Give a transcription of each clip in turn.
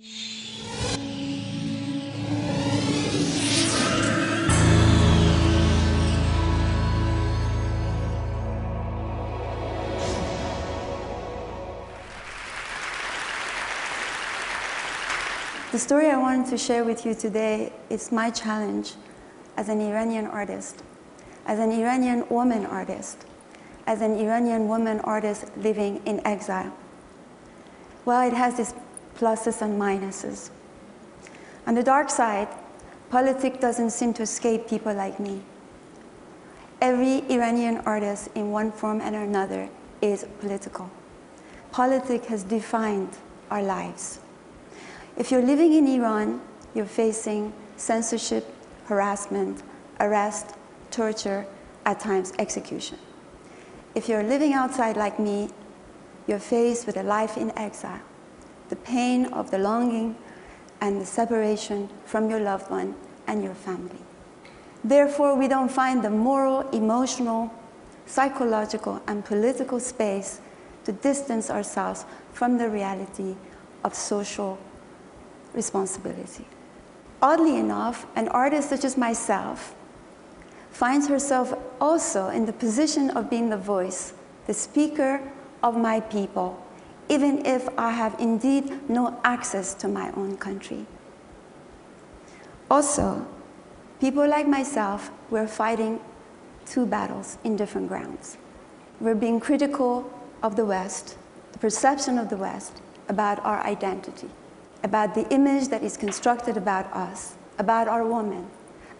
The story I wanted to share with you today is my challenge as an Iranian artist, as an Iranian woman artist, as an Iranian woman artist living in exile. Well, it has this pluses and minuses. On the dark side, politics doesn't seem to escape people like me. Every Iranian artist in one form and another is political. Politics has defined our lives. If you're living in Iran, you're facing censorship, harassment, arrest, torture, at times execution. If you're living outside like me, you're faced with a life in exile the pain of the longing and the separation from your loved one and your family. Therefore, we don't find the moral, emotional, psychological, and political space to distance ourselves from the reality of social responsibility. Oddly enough, an artist such as myself finds herself also in the position of being the voice, the speaker of my people even if I have indeed no access to my own country. Also, people like myself, we're fighting two battles in different grounds. We're being critical of the West, the perception of the West, about our identity, about the image that is constructed about us, about our women,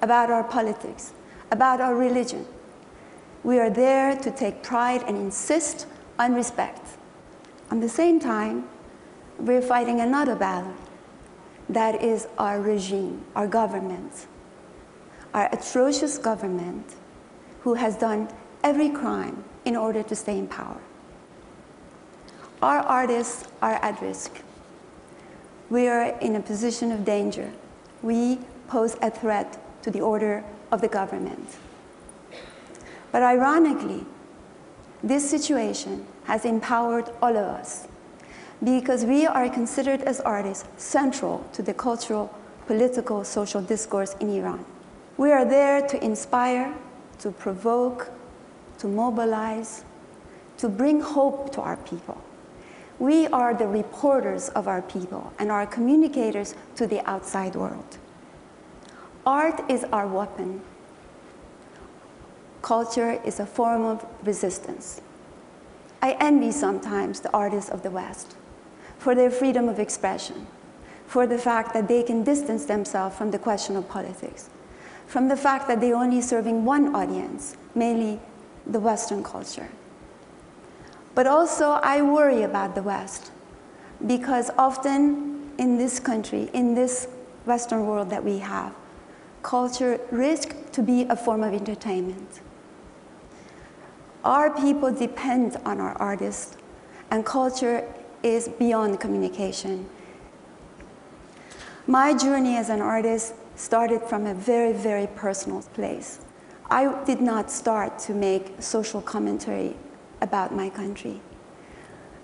about our politics, about our religion. We are there to take pride and insist on respect at the same time, we're fighting another battle. That is our regime, our government, our atrocious government who has done every crime in order to stay in power. Our artists are at risk. We are in a position of danger. We pose a threat to the order of the government. But ironically, this situation has empowered all of us because we are considered as artists central to the cultural, political, social discourse in Iran. We are there to inspire, to provoke, to mobilize, to bring hope to our people. We are the reporters of our people and our communicators to the outside world. Art is our weapon culture is a form of resistance. I envy sometimes the artists of the West for their freedom of expression, for the fact that they can distance themselves from the question of politics, from the fact that they're only serving one audience, mainly the Western culture. But also, I worry about the West because often in this country, in this Western world that we have, culture risks to be a form of entertainment. Our people depend on our artists, and culture is beyond communication. My journey as an artist started from a very, very personal place. I did not start to make social commentary about my country.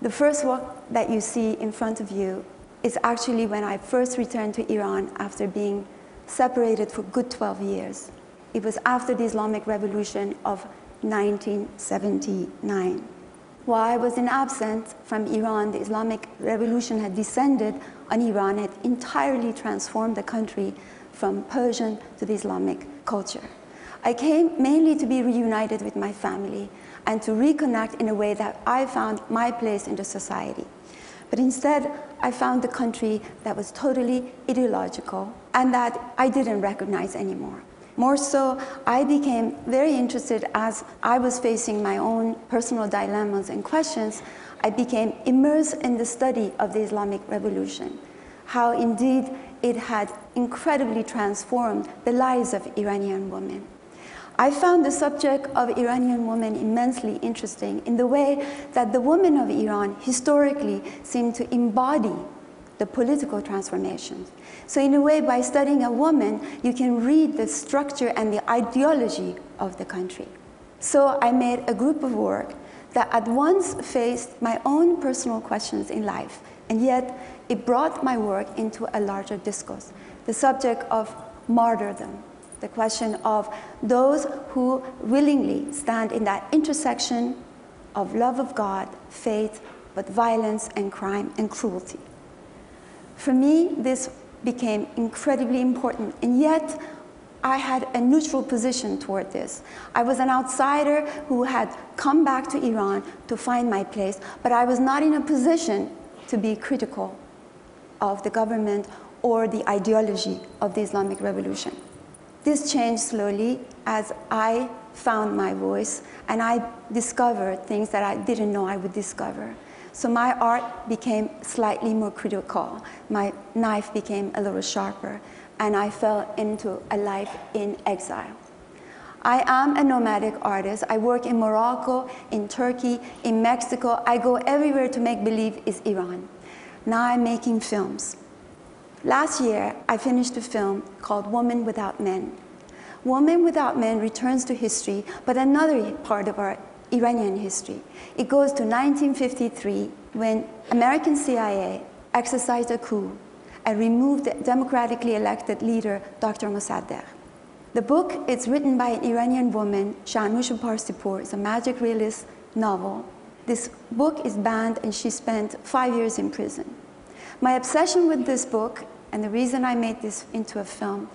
The first work that you see in front of you is actually when I first returned to Iran after being separated for good 12 years. It was after the Islamic Revolution of 1979. While I was in absence from Iran, the Islamic Revolution had descended on Iran, had entirely transformed the country from Persian to the Islamic culture. I came mainly to be reunited with my family and to reconnect in a way that I found my place in the society. But instead, I found a country that was totally ideological and that I didn't recognize anymore. More so, I became very interested as I was facing my own personal dilemmas and questions. I became immersed in the study of the Islamic Revolution, how indeed it had incredibly transformed the lives of Iranian women. I found the subject of Iranian women immensely interesting in the way that the women of Iran historically seem to embody the political transformations. So in a way, by studying a woman, you can read the structure and the ideology of the country. So I made a group of work that at once faced my own personal questions in life, and yet it brought my work into a larger discourse, the subject of martyrdom, the question of those who willingly stand in that intersection of love of God, faith, but violence and crime and cruelty. For me, this became incredibly important, and yet I had a neutral position toward this. I was an outsider who had come back to Iran to find my place, but I was not in a position to be critical of the government or the ideology of the Islamic Revolution. This changed slowly as I found my voice and I discovered things that I didn't know I would discover. So my art became slightly more critical. My knife became a little sharper, and I fell into a life in exile. I am a nomadic artist. I work in Morocco, in Turkey, in Mexico. I go everywhere to make believe is Iran. Now I'm making films. Last year, I finished a film called Woman Without Men. Woman Without Men returns to history, but another part of our Iranian history. It goes to 1953 when American CIA exercised a coup and removed the democratically elected leader, Dr. Mossadegh. The book is written by an Iranian woman, Shanush Parsipour. It's a magic realist novel. This book is banned and she spent five years in prison. My obsession with this book and the reason I made this into a film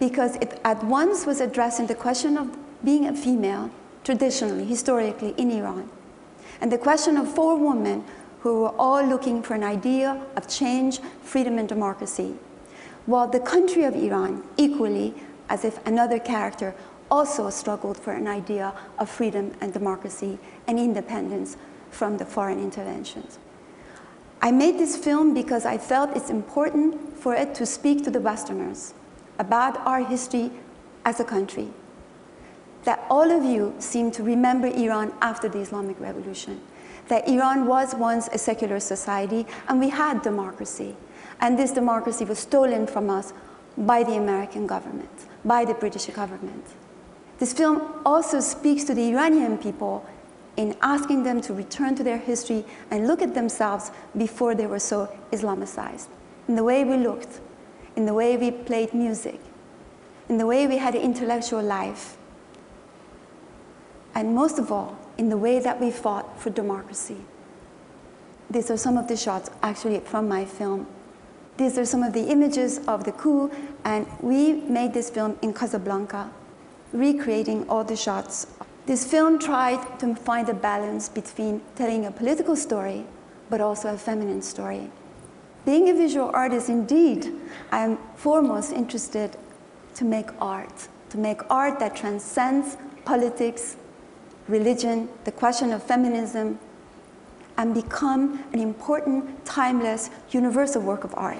because it at once was addressing the question of being a female traditionally, historically, in Iran. And the question of four women who were all looking for an idea of change, freedom, and democracy. While the country of Iran, equally as if another character, also struggled for an idea of freedom and democracy and independence from the foreign interventions. I made this film because I felt it's important for it to speak to the Westerners about our history as a country, that all of you seem to remember Iran after the Islamic Revolution, that Iran was once a secular society and we had democracy. And this democracy was stolen from us by the American government, by the British government. This film also speaks to the Iranian people in asking them to return to their history and look at themselves before they were so Islamicized, in the way we looked, in the way we played music, in the way we had intellectual life, and most of all, in the way that we fought for democracy. These are some of the shots actually from my film. These are some of the images of the coup, and we made this film in Casablanca, recreating all the shots. This film tried to find a balance between telling a political story, but also a feminine story. Being a visual artist, indeed, I am foremost interested to make art, to make art that transcends politics religion, the question of feminism, and become an important, timeless, universal work of art.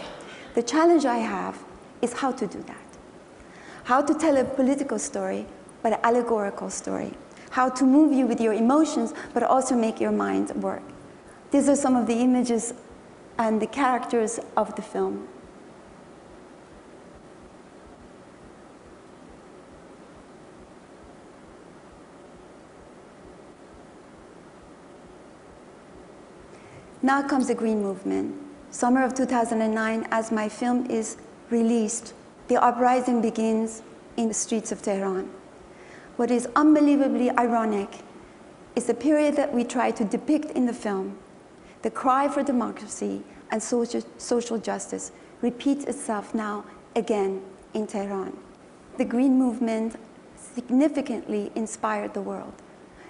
The challenge I have is how to do that. How to tell a political story, but an allegorical story. How to move you with your emotions, but also make your mind work. These are some of the images and the characters of the film. Now comes the Green Movement. Summer of 2009, as my film is released, the uprising begins in the streets of Tehran. What is unbelievably ironic is the period that we try to depict in the film. The cry for democracy and social, justice repeats itself now again in Tehran. The Green Movement significantly inspired the world.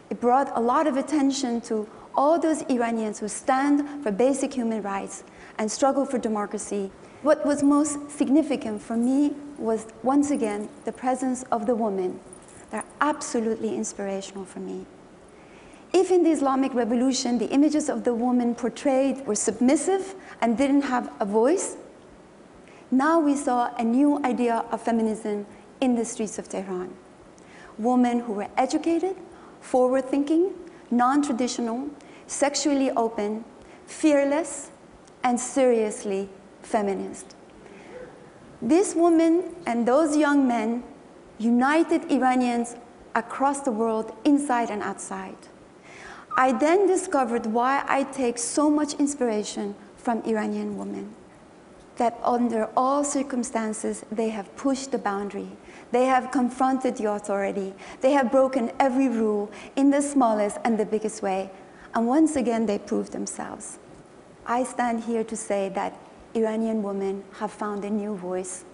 It brought a lot of attention to all those Iranians who stand for basic human rights and struggle for democracy. What was most significant for me was, once again, the presence of the women. They're absolutely inspirational for me. If in the Islamic Revolution the images of the woman portrayed were submissive and didn't have a voice, now we saw a new idea of feminism in the streets of Tehran. Women who were educated, forward-thinking, non-traditional, sexually open, fearless, and seriously feminist. This woman and those young men united Iranians across the world, inside and outside. I then discovered why I take so much inspiration from Iranian women, that under all circumstances, they have pushed the boundary. They have confronted the authority. They have broken every rule in the smallest and the biggest way and once again, they proved themselves. I stand here to say that Iranian women have found a new voice,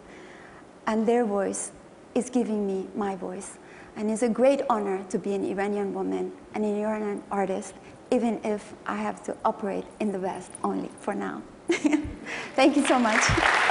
and their voice is giving me my voice. And it's a great honor to be an Iranian woman and an Iranian artist, even if I have to operate in the West only for now. Thank you so much.